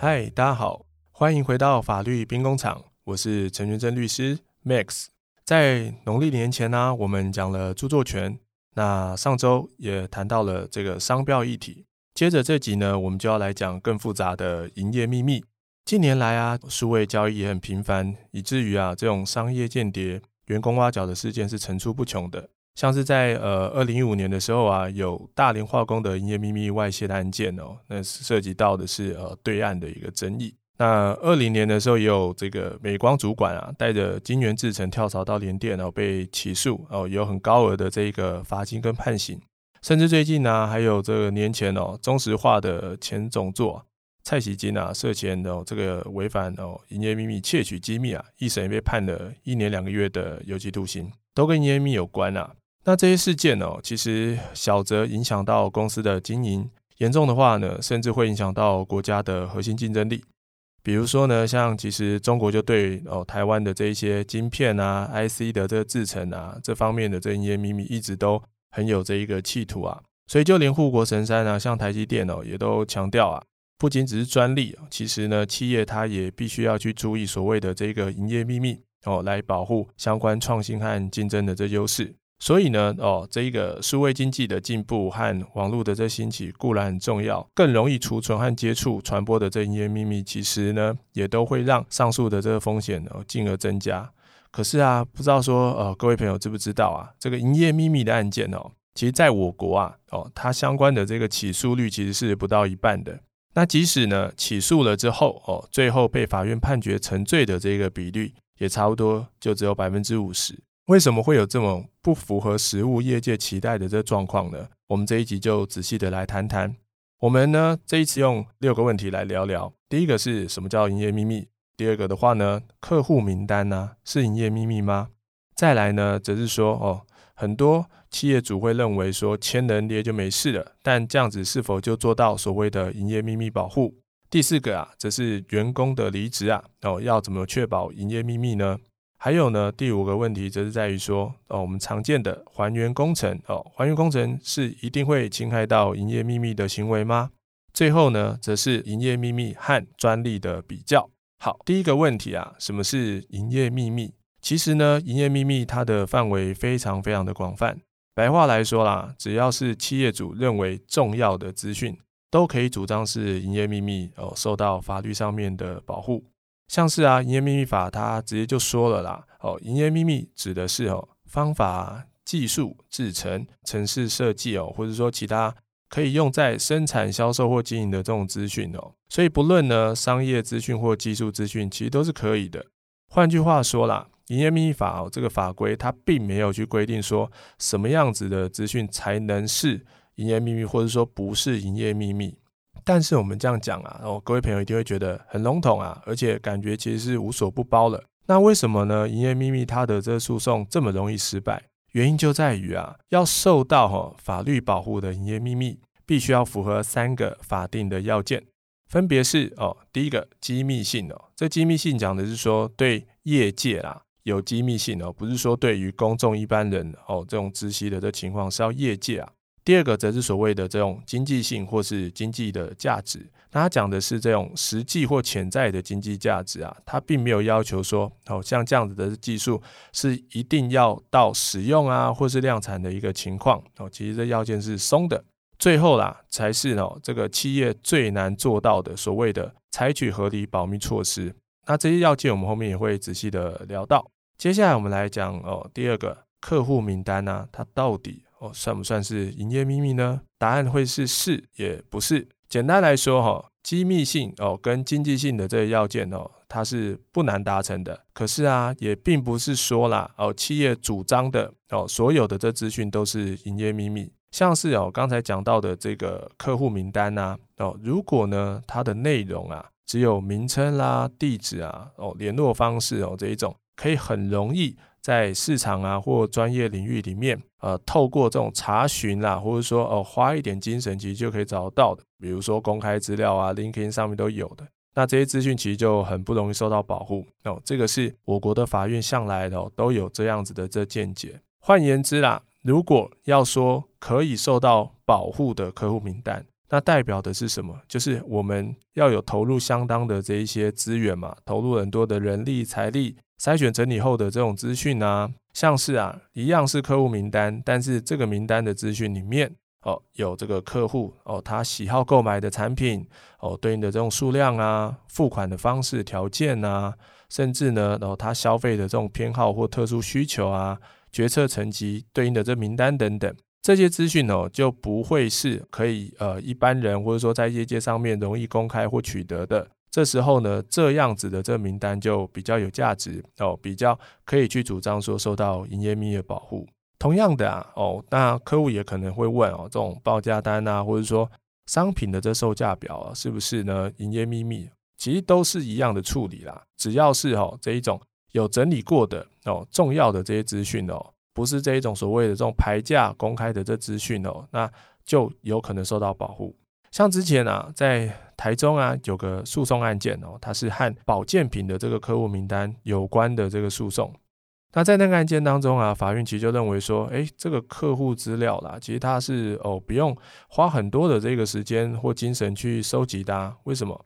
嗨，大家好，歡迎回到法律兵工廠，我是陳全正律師 Max。在農曆年前呢、啊，我們講了著作權，那上周也談到了這個商標議題。接着這集呢，我們就要來講更複雜的營業秘密。近年來啊，數位交易也很頻繁，以至於啊，這種商業間諜、員工挖角的事件是層出不窮的。像是在呃二零一五年的時候啊，有大連化工的營業秘密外泄的案件哦，那涉及到的是呃對岸的一個爭議。那二零年的時候也有這個美光主管啊，帶着晶圓製程跳槽到聯電、哦，被起訴哦，也有很高額的這個罰金跟判刑。甚至最近呢、啊，還有這個年前哦，中石化的前總座、啊、蔡錫津啊，涉嫌的哦這個違反哦營業秘密竊取機密啊，一審被判了一年兩個月的有期徒刑，都跟營業秘密有關、啊那這些事件哦，其實小則影響到公司的經營，嚴重的話呢，甚至會影響到國家的核心競爭力。比如說呢，像其實中國就對哦台灣的這一些晶片啊、IC 的這個制程啊這方面的這營業秘密，一直都很有這一個企圖啊。所以就連護國神山啊，像台積電哦，也都強調啊，不僅只是專利，其實呢，企業它也必須要去注意所謂的這個營業秘密哦，來保護相關創新和競爭的這優勢。所以呢，哦，這一個數位經濟的進步和網絡的這興起固然很重要，更容易儲存和接觸、傳播的這營業秘密，其實呢也都會讓上述的這個風險哦進而增加。可是啊，不知道說，呃，各位朋友知不知道啊，這個營業秘密的案件哦，其實在我國啊，哦，它相關的這個起訴率其實是不到一半的。那即使呢起訴了之後哦，最後被法院判決成罪的這個比率也差不多就只有百分之五十。為什麼會有這種不符合實務業界期待的這狀況呢？我們這一集就仔細的來談談。我們呢這一次用六個問題來聊聊。第一個是什麼叫營業秘密？第二個的話呢，客戶名單呢、啊、是營業秘密嗎？再來呢則是說哦，很多企業主會認為說簽了 NDA 就沒事了，但這樣子是否就做到所謂的營業秘密保護？第四個啊，則是員工的離職啊哦，要怎麼確保營業秘密呢？還有呢，第五個問題則是在於說，哦，我們常見的還原工程，哦，還原工程是一定會侵害到營業秘密的行為嗎？最後呢，則是營業秘密和專利的比較。好，第一個問題啊，什麼是營業秘密？其實呢，營業秘密它的範圍非常非常的廣泛。白話來說啦，只要是企業主認為重要的資訊，都可以主張是營業秘密，哦，受到法律上面的保護。像是啊，營業秘密法它直接就說了啦，哦，營業秘密指的是哦，方法、技術、製程、程式設計哦，或者說其他可以用在生產、銷售或經營的這種資訊哦，所以不論呢，商業資訊或技術資訊，其實都是可以的。換句話說啦，營業秘密法哦這個法規它並沒有去規定說什麼樣子的資訊才能是營業秘密，或者說不是營業秘密。但是我們這樣講啊，哦，各位朋友一定會覺得很籠統啊，而且感覺其實是無所不包了。那為什麼呢？營業秘密它的這訴訟這麼容易失敗，原因就在於啊，要受到哈、哦、法律保護的營業秘密，必須要符合三個法定的要件，分別是哦，第一個機密性哦，這機密性講的是說對業界啊，有機密性哦，不是說對於公眾一般人哦這種知悉的這情況是要業界啊。第二個則是所謂的這種經濟性或是經濟的價值，那它講的是這種實際或潛在的經濟價值啊，它並沒有要求說哦像這樣子的技術是一定要到使用啊或是量產的一個情況哦，其實這要件是鬆的。最後啦，才是哦這個企業最難做到的所謂的採取合理保密措施，那這些要件我們後面也會仔細的聊到。接下來我們來講哦第二個客戶名單啊，它到底。哦，算不算是營業秘密呢？答案會是是，也不是。簡單來說，哦，哈，機密性哦跟經濟性的這個要件哦，它是不難達成的。可是啊，也並不是說啦哦，企業主張的哦，所有的這資訊都是營業秘密。像是哦，剛才講到的這個客戶名單吶，啊，哦，如果呢它的內容啊只有名稱啦、地址啊、哦聯絡方式哦這一種，可以很容易。在市場啊，或專業領域裡面，呃，透過這種查詢啦、啊，或者說，呃，花一點精神，其實就可以找得到的。比如說公開資料啊，LinkedIn 上面都有的。那這些資訊其實就很不容易受到保護。哦，這個是我國的法院向來的哦都有這樣子的這見解。換言之啦，如果要說可以受到保護的客戶名單，那代表的是什麼？就是我們要有投入相當的這一些資源嘛，投入很多的人力、財力。篩選整理後的這種資訊啊，像是啊一樣是客戶名單，但是這個名單的資訊裡面哦，有這個客戶哦，他喜好購買的產品哦，對應的這種數量啊，付款的方式條件啊，甚至呢，然後他消費的這種偏好或特殊需求啊，決策層級對應的這名單等等，這些資訊哦就不會是可以呃一般人或者說在業界上面容易公開或取得的。這時候呢，這樣子的這名單就比較有價值哦，比較可以去主張說受到營業秘密的保護。同樣的啊，哦，那客戶也可能會問哦，這種報價單啊，或者說商品的這售價表啊，是不是呢？營業秘密其實都是一樣的處理啦。只要是哦這一種有整理過的哦重要的這些資訊哦，不是這一種所謂的這種牌價公開的這資訊哦，那就有可能受到保護。像之前啊，在台中啊有個訴訟案件哦，它是和保健品的這個客戶名單有關的這個訴訟。那在那個案件當中啊，法院其實就認為說，哎，這個客戶資料啦，其實它是哦不用花很多的這個時間或精神去收集它啊，為什麼？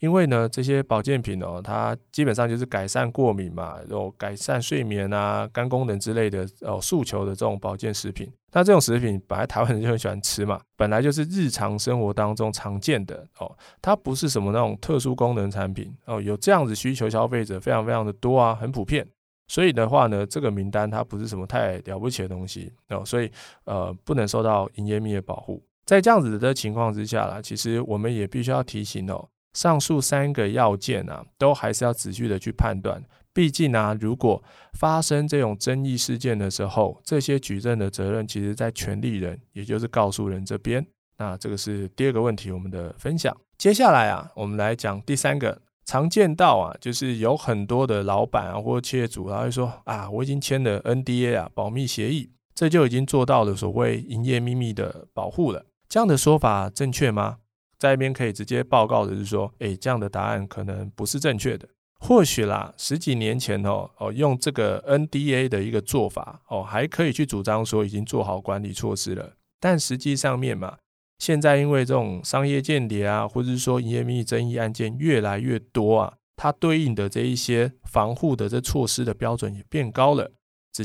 因為呢，這些保健品哦，它基本上就是改善過敏嘛，然後改善睡眠啊、肝功能之類的哦，訴求的這種保健食品。那這種食品本來台灣人就很喜歡吃嘛，本來就是日常生活當中常見的哦，它不是什麼那種特殊功能產品哦，有這樣子需求消費者非常非常的多啊，很普遍。所以的話呢，這個名單它不是什麼太了不起的東西哦，所以呃，不能受到營業秘密的保護。在這樣子的情況之下啦，其實我們也必須要提醒哦。上述三個要件啊，都還是要仔細的去判斷。畢竟啊，如果發生這種爭議事件的時候，這些舉證的責任其實在權利人，也就是告訴人這邊。那這個是第二個問題，我們的分享。接下來啊，我們來講第三個。常見到啊，就是有很多的老闆啊或企業主，他會說啊，我已經簽了 NDA 啊保密協議，這就已經做到了所謂營業秘密的保護了。這樣的說法正確嗎？在一邊可以直接報告的是說，哎，這樣的答案可能不是正確的。或許啦，十幾年前哦哦，用這個 NDA 的一個做法哦，還可以去主張說已經做好管理措施了。但實際上面嘛，現在因為這種商業間諜啊，或者是說營業秘密爭議案件越來越多啊，它對應的這一些防護的這措施的標準也變高了。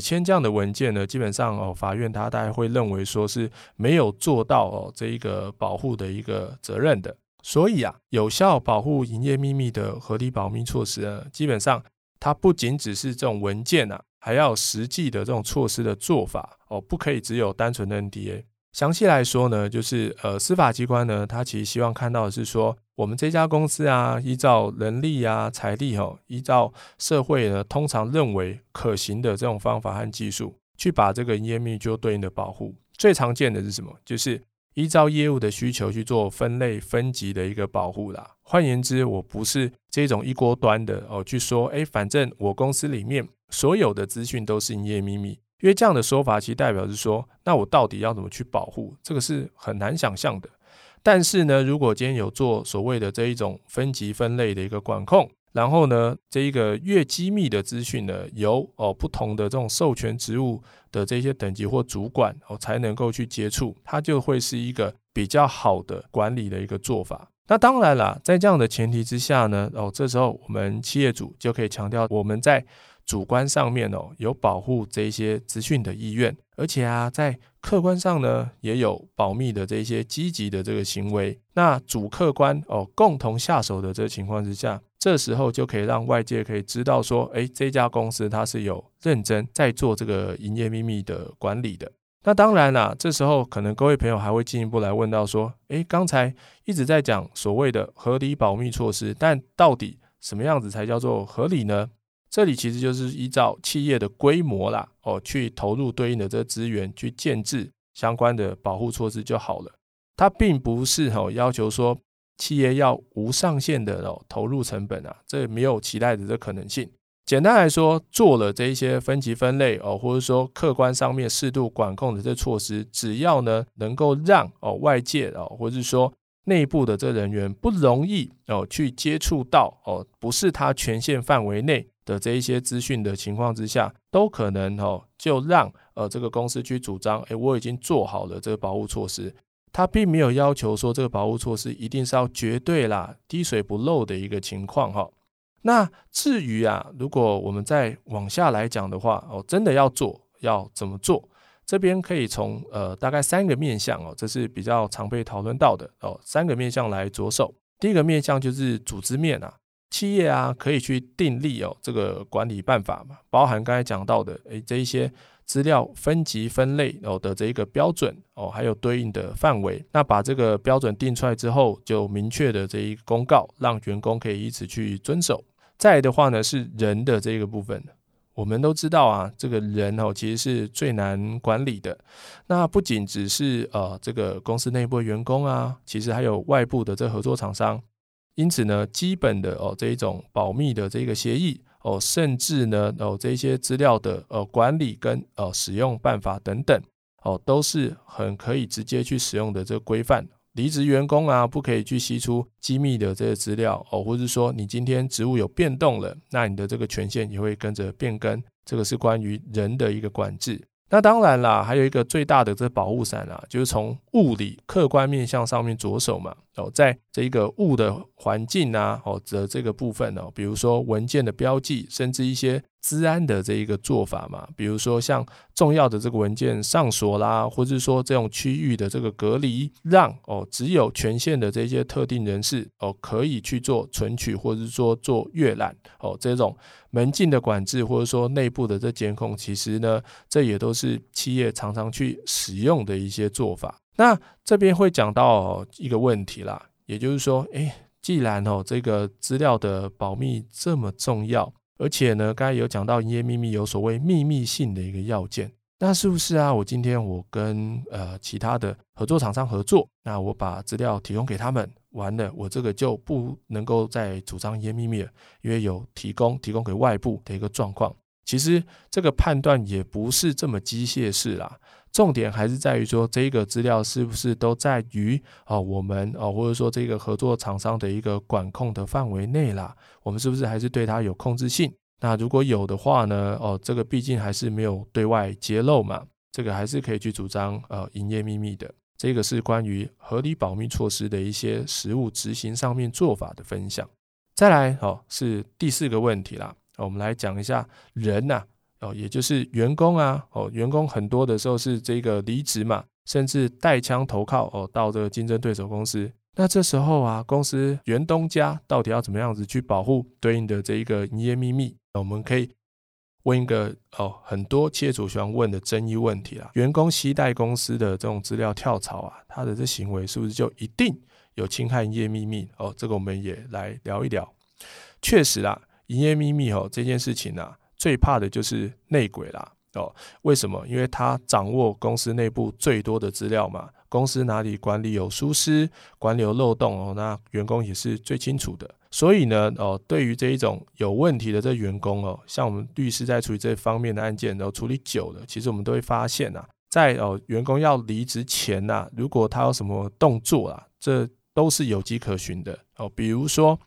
只簽這樣的文件呢，基本上哦，法院他大，大概會認為說是沒有做到哦這一個保護的一個責任的。所以啊，有效保護營業秘密的合理保密措施呢，基本上它不僅只是這種文件吶、啊，還要實際的這種措施的做法哦，不可以只有單純的 NDA。詳細來說呢，就是呃，司法機關呢，他其實希望看到的是說。我們這家公司啊，依照人力啊、財力哦，依照社會呢通常認為可行的這種方法和技術，去把這個營業秘密就對應的保護。最常見的是什麼？就是依照業務的需求去做分類分級的一個保護啦。換言之，我不是這種一鍋端的哦，去說哎，反正我公司裡面所有的資訊都是營業秘密，因為這樣的說法其實代表是說，那我到底要怎麼去保護？這個是很難想象的。但是呢，如果今天有做所謂的這一種分級分類的一個管控，然後呢，這一個越機密的資訊呢，由哦不同的這種授權職務的這些等級或主管哦才能夠去接觸，它就會是一個比較好的管理的一個做法。那當然啦，在這樣的前提之下呢，哦這時候我們企業主就可以強調我們在主觀上面哦有保護這些資訊的意願，而且啊在。客觀上呢，也有保密的這一些積極的這個行為，那主客觀哦共同下手的這個情況之下，這時候就可以讓外界可以知道說，欸，這家公司它是有認真在做這個營業秘密的管理的。那當然啦，這時候可能各位朋友還會進一步來問到說，欸，剛才一直在講所謂的合理保密措施，但到底什麼樣子才叫做合理呢？這裡其實就是依照企業的規模啦，哦，去投入對應的這資源，去建制相關的保護措施就好了。它並不是哦要求說企業要無上限的哦投入成本啊，這也沒有期待的這可能性。簡單來說，做了這一些分級分類哦，或者說客觀上面適度管控的這措施，只要呢能夠讓哦外界哦，或者是說內部的這人員不容易哦去接觸到哦，不是他權限範圍內。的這一些資訊的情況之下，都可能哦，就讓呃這個公司去主張，誒、欸，我已經做好了這個保護措施，它並沒有要求說這個保護措施一定是要絕對啦、滴水不漏的一個情況哈、哦。那至於啊，如果我們再往下來講的話，哦，真的要做，要怎麼做？這邊可以從呃大概三個面向哦，這是比較常被討論到的哦，三個面向來着手。第一個面向就是組織面啊。企業啊，可以去訂立哦這個管理辦法嘛，包含剛才講到的哎這一些資料分級分類哦的這一個標準哦，還有對應的範圍。那把這個標準定出來之後，就明確的這一個公告，讓員工可以依此去遵守。再來的話呢，是人的這一個部分，我們都知道啊，這個人哦其實是最難管理的。那不僅只是呃這個公司內部的員工啊，其實還有外部的這合作廠商。因此呢，基本的哦這一種保密的這個協議哦，甚至呢哦這些資料的呃、哦、管理跟呃、哦、使用辦法等等哦，都是很可以直接去使用的這個規範。離職員工啊，不可以去攜出機密的這些資料哦，或者說你今天職務有變動了，那你的這個權限也會跟着變更。這個是關於人的一個管制。那當然啦，還有一個最大的這個保護傘啊，就是從物理客觀面向上面着手嘛哦，在。這個物的環境啊，或、哦、的這個部分呢、啊，比如說文件的標記，甚至一些資安的這一個做法嘛，比如說像重要的這個文件上鎖啦，或者是說這種區域的這個隔離讓，讓哦只有權限的這些特定人士哦可以去做存取，或者是說做閱覽哦這種門禁的管制，或者說內部的這監控，其實呢，這也都是企業常常去使用的一些做法。那這邊會講到、哦、一個問題啦。也就是說，欸，既然哦，這個資料的保密這麼重要，而且呢，剛才有講到營業秘密有所謂秘密性的一個要件，那是不是啊？我今天我跟呃其他的合作廠商合作，那我把資料提供給他們，完了，我這個就不能夠再主張營業秘密了，因為有提供提供給外部的一個狀況。其實這個判斷也不是這麼機械式啦。重點還是在於說，這個資料是不是都在於哦我們哦，或者說這個合作廠商的一個管控的範圍內啦？我們是不是還是對它有控制性？那如果有的話呢？哦，這個畢竟還是沒有對外揭露嘛，這個還是可以去主張呃，營業秘密的。這個是關於合理保密措施的一些實務執行上面做法的分享。再來哦，是第四個問題啦，我們來講一下人吶、啊。哦，也就是員工啊，哦、呃，員工很多的時候是這個離職嘛，甚至帶槍投靠哦、呃，到這個競爭對手公司。那這時候啊，公司原東家到底要怎麼樣子去保護對應的這一個營業秘密呃？我們可以問一個哦、呃，很多企業主喜歡問的爭議問題啊、呃。員工攜帶公司的這種資料跳槽啊，他的這行為是不是就一定有侵害營業秘密？哦、呃，這個我們也來聊一聊。確實啦、啊，營業秘密哦，這件事情呢、啊。最怕的就是內鬼啦，哦，為什麼？因為他掌握公司內部最多的資料嘛。公司哪裡管理有疏失、管理有漏洞哦，那員工也是最清楚的。所以呢，哦，對於這一種有問題的這員工哦，像我們律師在處理這方面的案件，然後處理久了，其實我們都會發現啊，在哦、呃、員工要離職前吶、啊，如果他有什麼動作啦、啊，這。都是有跡可循的哦，比如說，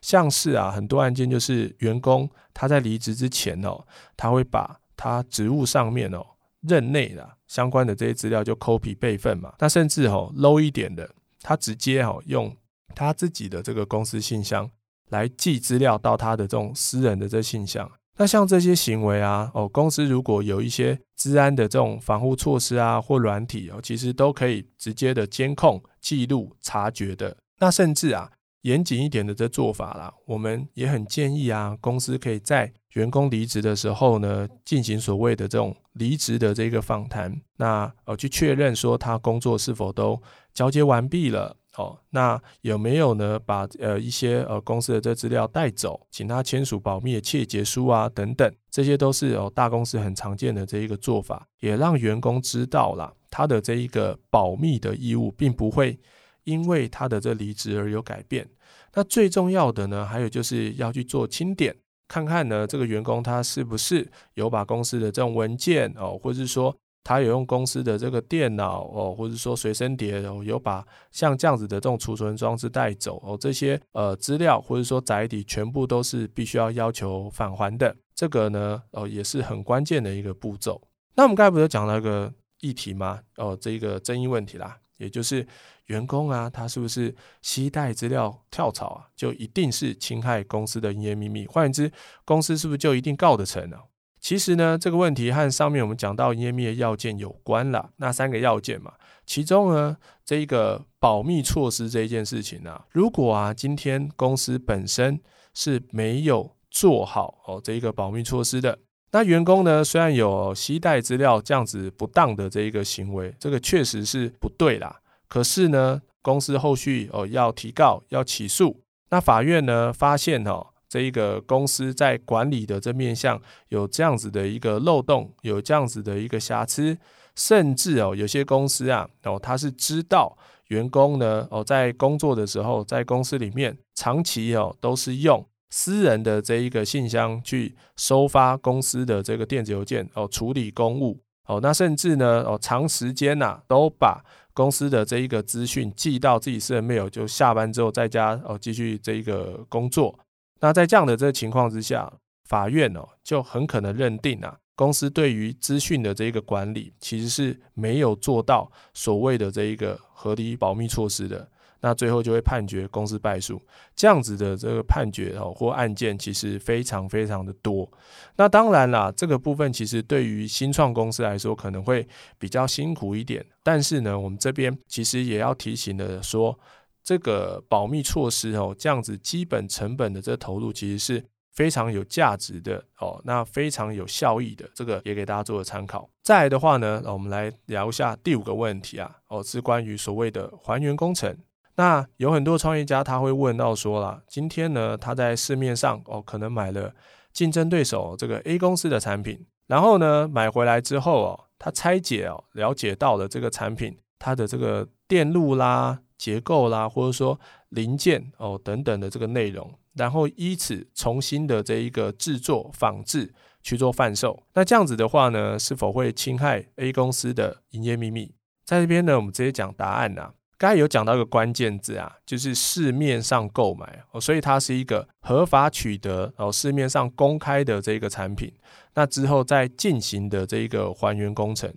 像是啊，很多案件就是員工他在離職之前哦，他會把他職務上面哦任內的啊，相關的這些資料就 copy 備份嘛，那甚至哦 low 一點的，他直接哦用他自己的這個公司信箱來寄資料到他的這種私人的這信箱。那像這些行為啊，哦，公司如果有一些資安的這種防護措施啊，或軟體哦、啊，其實都可以直接的監控、記錄、察覺的。那甚至啊，嚴謹一點的這做法啦，我們也很建議啊，公司可以在員工離職的時候呢，進行所謂的這種離職的這個訪談，那呃、哦，去確認說他工作是否都交接完畢了。哦，那有沒有呢？把呃一些呃公司的這資料帶走，請他簽署保密的切結書啊等等，這些都是有、哦、大公司很常見的這一個做法，也讓員工知道啦，他的這一個保密的義務，並不會因為他的這離職而有改變。那最重要的呢，還有就是要去做清點，看看呢這個員工他是不是有把公司的這種文件哦，或是說。他有用公司的這個電腦哦，或者說隨身碟，哦，有把像這樣子的這種儲存裝置帶走哦，這些呃資料或者說載體全部都是必須要要求返還的。這個呢哦也是很關鍵的一個步驟。那我們剛才不是講了一個議題嗎？哦，這個爭議問題啦，也就是員工啊，他是不是攜帶資料跳槽啊，就一定是侵害公司的營業秘密？換言之，公司是不是就一定告得成呢，啊？其實呢，這個問題和上面我們講到營業秘密要件有關了。那三個要件嘛，其中呢，這一個保密措施這一件事情啊，如果啊，今天公司本身是沒有做好哦這一個保密措施的，那員工呢，雖然有攜帶資料這樣子不當的這一個行為，這個確實是不對啦。可是呢，公司後續哦要提告、要起訴，那法院呢發現哦。這一個公司在管理的這面向有這樣子的一個漏洞，有這樣子的一個瑕疵，甚至哦，有些公司啊，哦，他是知道員工呢，哦，在工作的時候，在公司裡面長期哦，都是用私人的這一個信箱去收發公司的這個電子郵件哦，處理公務哦，那甚至呢，哦，長時間吶、啊，都把公司的這一個資訊寄到自己私人 mail，就下班之後在家哦，繼續這一個工作。那在這樣的這個情況之下，法院喔，就很可能認定啊，公司對於資訊的這一個管理其實是沒有做到所謂的這一個合理保密措施的，那最後就會判決公司敗訴。這樣子的這個判決哦，或案件其實非常非常的多。那當然啦，這個部分其實對於新創公司來說可能會比較辛苦一點，但是呢，我們這邊其實也要提醒的說。這個保密措施哦，這樣子基本成本的這個投入其實是非常有價值的哦，那非常有效益的，這個也給大家做個參考。再來的話呢，哦，我們來聊一下第五個問題啊，哦，是關於所謂的還原工程。那有很多創業家他會問到說啦，今天呢他在市面上哦，可能買了競爭對手哦，這個 A 公司的產品，然後呢買回來之後哦，他拆解哦，了解到了這個產品它的這個電路啦。結構啦，或者說零件哦等等的這個內容，然後依此重新的這一個製作仿製去做販售。那這樣子的話呢，是否會侵害 A 公司的營業秘密？在這邊呢，我們直接講答案啊。剛才有講到一個關鍵字啊，就是市面上購買哦，所以它是一個合法取得哦，市面上公開的這一個產品。那之後再進行的這一個還原工程。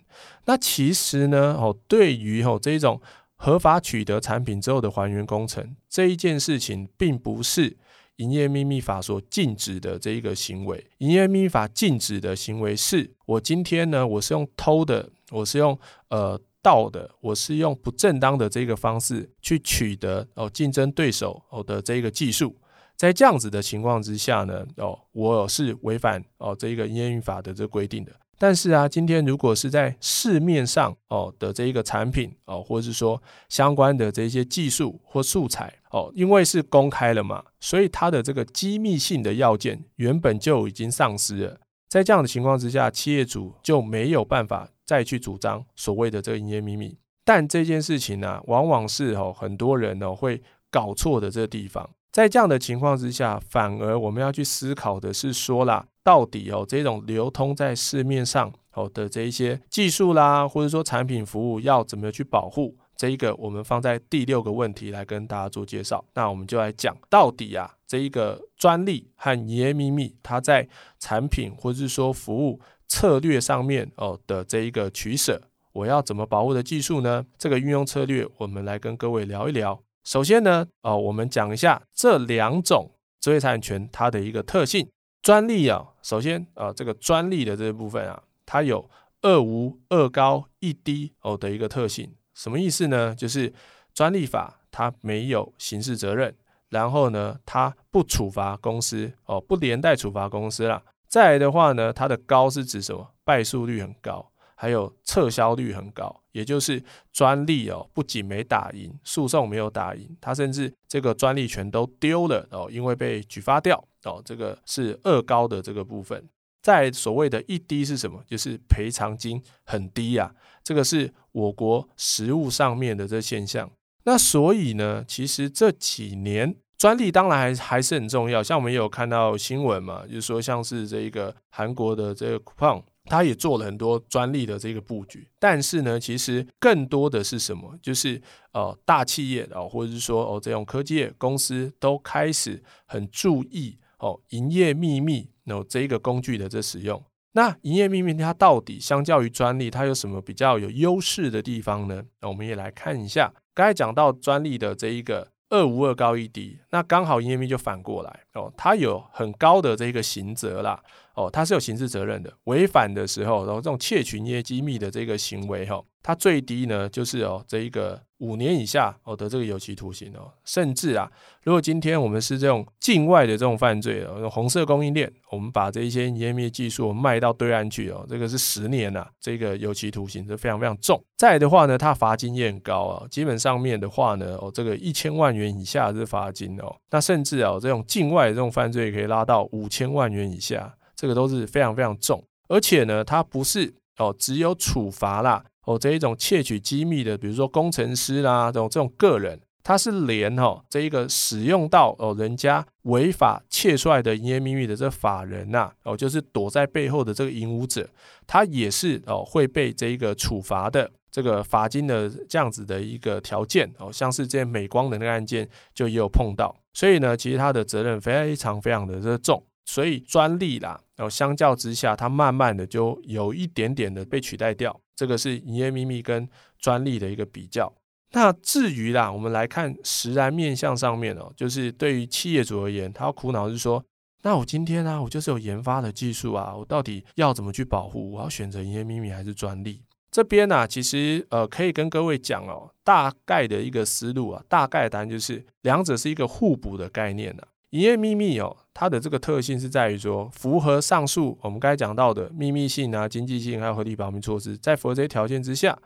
那其實呢，哦，對於哦這種。合法取得產品之後的還原工程這一件事情，並不是營業秘密法所禁止的這一個行為。營業秘密法禁止的行為是，我今天呢，我是用偷的，我是用呃盜的，我是用不正當的這個方式去取得哦呃、競爭對手哦、呃、的這個技術。在這樣子的情況之下呢，哦、呃，我是違反哦、呃、這一個營業秘密法的這個規定的。但是啊，今天如果是在市面上哦的這一個產品哦，或者是說相關的這一些技術或素材哦，因為是公開了嘛，所以它的這個機密性的要件原本就已經喪失了。在這樣的情況之下，企業主就沒有辦法再去主張所謂的這個營業秘密。但這件事情呢、啊，往往是哦很多人呢、哦、會搞錯的這個地方。在這樣的情況之下，反而我們要去思考的是，說啦，到底哦，這種流通在市面上哦的這一些技術啦，或者說產品服務要怎麼去保護？這一個我們放在第六個問題來跟大家做介紹。那我們就來講到底啊，這一個專利和營業秘密，它在產品或者是說服務策略上面哦的這一個取捨，我要怎麼保護的技術呢？這個運用策略，我們來跟各位聊一聊。首先呢，啊、哦，我們講一下這兩種知識產權它的一個特性。專利啊、哦，首先啊、哦，這個專利的這個部分啊，它有二無二高一低哦的一個特性。什麼意思呢？就是專利法它沒有刑事責任，然後呢，它不處罰公司哦，不連帶處罰公司啦。再來的話呢，它的高是指什麼？敗訴率很高，還有撤銷率很高。也就是專利哦，不僅沒打贏訴訟，訴訟沒有打贏，他甚至這個專利權都丟了哦，因為被舉發掉哦。這個是二高的這個部分，在所謂的一低是什麼？就是賠償金很低呀、啊。這個是我國實務上面的這現象。那所以呢，其實這幾年專利當然還還是很重要。像我們有看到新聞嘛，就是說像是這一個韓國的這個 Coupang。它也做了很多專利的這個布局，但是呢，其實更多的是什麼？就是呃，大企業的、哦、或者是說哦這種科技公司都開始很注意哦，營業秘密那、哦、這一個工具的這使用。那營業秘密它到底相較於專利，它有什麼比較有優勢的地方呢？那我們也來看一下，剛才講到專利的這一個。二五二高一低，那剛好營業秘密就反過來哦，他有很高的這個刑責啦哦，他是有刑事責任的，違反的時候，然、哦、後這種竊取營業機密的這個行為哈、哦，它最低呢就是哦這一個。五年以下哦，得這個有期徒刑哦，甚至啊，如果今天我們是這種境外的這種犯罪哦，紅色供應鏈，我們把這一些菸葉技術賣到對岸去哦，這個是十年吶、啊，這個有期徒刑是非常非常重。再的話呢，它罰金也很高啊，基本上面的話呢，哦，這個一千萬元以下是罰金哦，那甚至啊，這種境外的這種犯罪可以拉到五千萬元以下，這個都是非常非常重。而且呢，它不是哦，只有處罰啦。哦，這一種竊取機密的，比如說工程師啦、啊，這種這種個人，他是連哈、哦、這一個使用到哦人家違法竊出來的營業秘密的這法人吶、啊，哦就是躲在背後的這個影武者，他也是哦會被這一個處罰的這個罰金的這樣子的一個條件哦，像是這些美光的那個案件就也有碰到，所以呢，其實他的責任非常非常的重，所以專利啦，哦，相較之下，它慢慢的就有一點點的被取代掉。這個是營業秘密跟專利的一個比較。那至於啦，我們來看實然面向上面哦，就是對於企業主而言，他要苦惱是說，那我今天呢、啊，我就是有研發的技術啊，我到底要怎麼去保護？我要選擇營業秘密還是專利？這邊呢、啊，其實呃，可以跟各位講哦，大概的一個思路啊，大概單就是兩者是一個互補的概念呢、啊。營業秘密哦，它的這個特性是在於說，符合上述我們剛才講到的秘密性啊、經濟性，還有合理保密措施，在符合這些條件之下，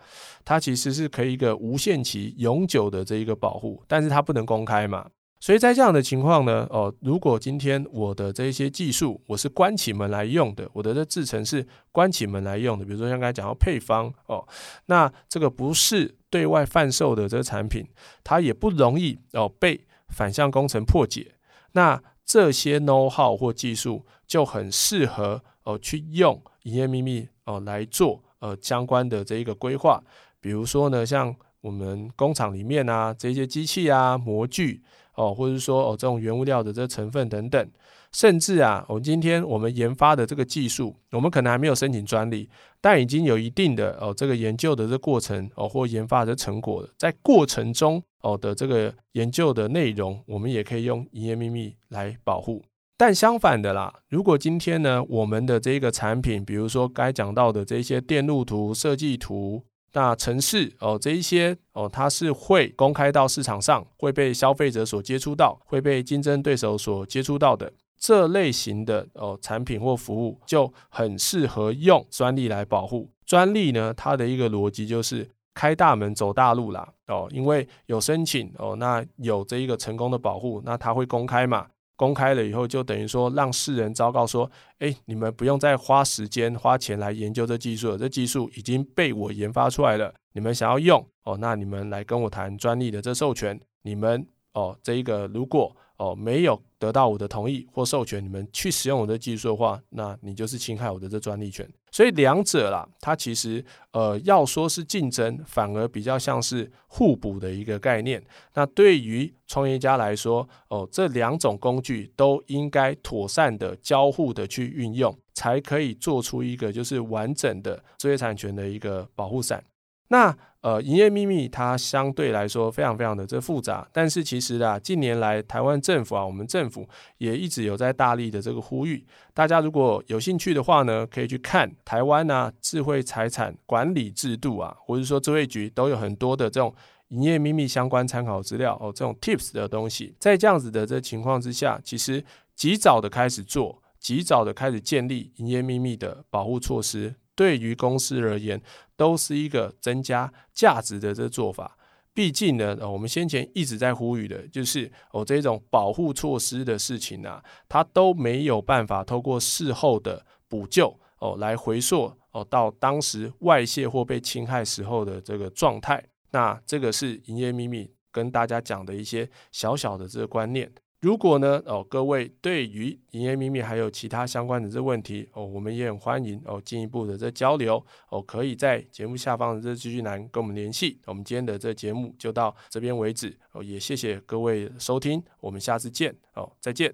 它其實是可以一個無限期、永久的這一個保護，但是它不能公開嘛。所以在這樣的情況呢，哦，如果今天我的這些技術我是關起門來用的，我的這製程是關起門來用的，比如說像剛才講到配方哦，那這個不是對外販售的這個產品，它也不容易哦被反向工程破解。那這些 know-how 或技術就很適合哦、呃、去用營業秘密哦、呃、來做呃相關的這一個規劃，比如說呢，像我們工廠裡面啊這些機器啊模具哦、呃，或者是說哦、呃、這種原物料的這成分等等。甚至啊，我們、哦、今天我們研發的這個技術，我們可能還沒有申請專利，但已經有一定的哦這個研究的這過程哦或研發的成果了，在過程中哦的這個研究的內容，我們也可以用營業秘密來保護。但相反的啦，如果今天呢我們的這個產品，比如說剛才講到的這些電路圖、設計圖、那程式哦這一些哦，它是會公開到市場上，會被消費者所接觸到，會被競爭對手所接觸到的。這類型的哦產品或服務就很適合用專利來保護。專利呢，它的一個邏輯就是開大門走大路啦哦，因為有申請哦，那有這一個成功的保護，那它會公開嘛？公開了以後，就等於說讓世人昭告說，哎，你們不用再花時間花錢來研究這技術了，這技術已經被我研發出來了。你們想要用哦，那你們來跟我談專利的這授權。你們哦，這一個如果。哦，沒有得到我的同意或授權，你們去使用我的技術的話，那你就是侵害我的這專利權。所以兩者啦，它其實呃，要說是競爭，反而比較像是互補的一個概念。那對於創業家來說，哦、呃，這兩種工具都應該妥善地交互地去運用，才可以做出一個就是完整的知識產權的一個保護傘。那呃，營業秘密它相對來說非常非常的這複雜，但是其實啊，近年來台灣政府啊，我們政府也一直有在大力的這個呼籲，大家如果有興趣的話呢，可以去看台灣啊，智慧財產管理制度啊，或者說智慧局都有很多的這種營業秘密相關參考資料哦，這種 tips 的東西，在這樣子的這情況之下，其實及早的開始做，及早的開始建立營業秘密的保護措施。對於公司而言，都是一個增加價值的這做法。畢竟呢、哦，我們先前一直在呼籲的，就是哦這種保護措施的事情呢、啊，它都沒有辦法透過事後的補救哦來回溯哦到當時外泄或被侵害時候的這個狀態。那這個是營業秘密跟大家講的一些小小的這個觀念。如果呢，哦，各位對於營業秘密還有其他相關的這問題，哦，我們也很歡迎哦進一步的這交流，哦，可以在節目下方的這資訊欄跟我們聯繫。我們今天的這節目就到這邊為止，哦，也謝謝各位收聽，我們下次見，哦，再見。